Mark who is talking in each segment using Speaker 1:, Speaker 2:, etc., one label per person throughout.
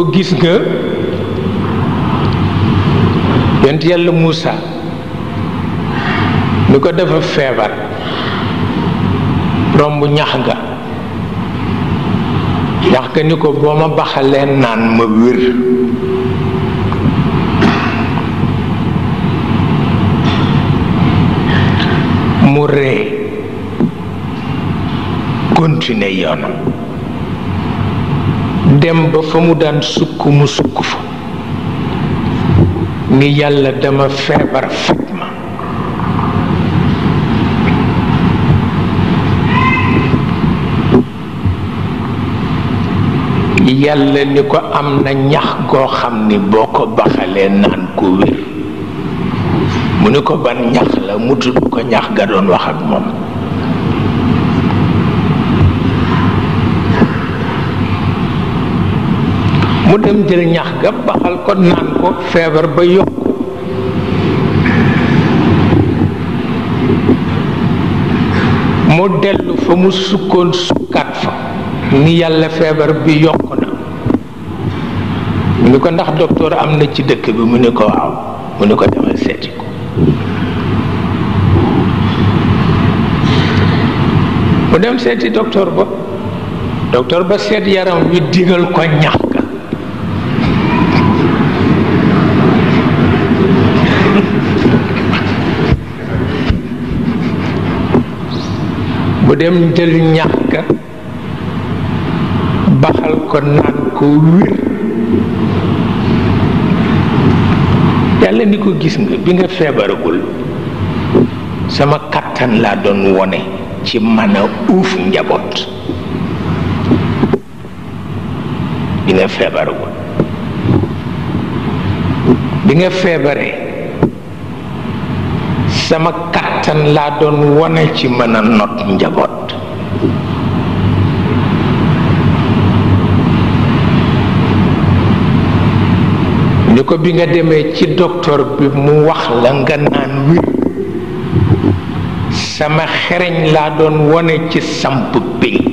Speaker 1: ko gis nga yent yalla musa ni ko dafa febar rombu ñax ga ñax ga ni ko boo ma ma wër mu re dem ba fa mu daan sukk mu sukk fa ni yàlla dama feebar faj ma yàlla ni ko am na ñax goo xam ni boo ko baxalee naan ko wér mu ni ko ban ñax la mu tudd ko ñax ga doon wax ak moom mu dem jël ñax ga baxal ko naan ko feebar ba yokku mu dellu fa mu sukkoon sukkaat fa ni yàlla feebar bi yokk na mu ni ko ndax docteur am na ci dëkk bi mu ni ko waaw mu ni ko demal seeti ko mu dem seeti docteur ba docteur ba seet yaram wi digal ko ñax dem jël ñax ga baxal ko naan ko wér yàlla ni ko gis nga bi nga feebaragul sama kattan laa doon wone ci mën a uuf njaboot bi nga feebaragul feebaree sama kattan kàttan laa doon wone ci mëna a not njaboot ko bi nga demee ci doktoor bi mu wax la nga naan wir sama xereñ laa doon wone ci samp pénc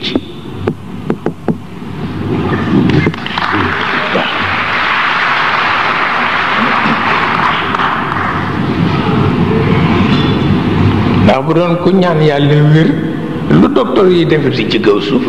Speaker 1: bu doon ku ñaan yàlla wér lu docteur yi defati ci kaw suuf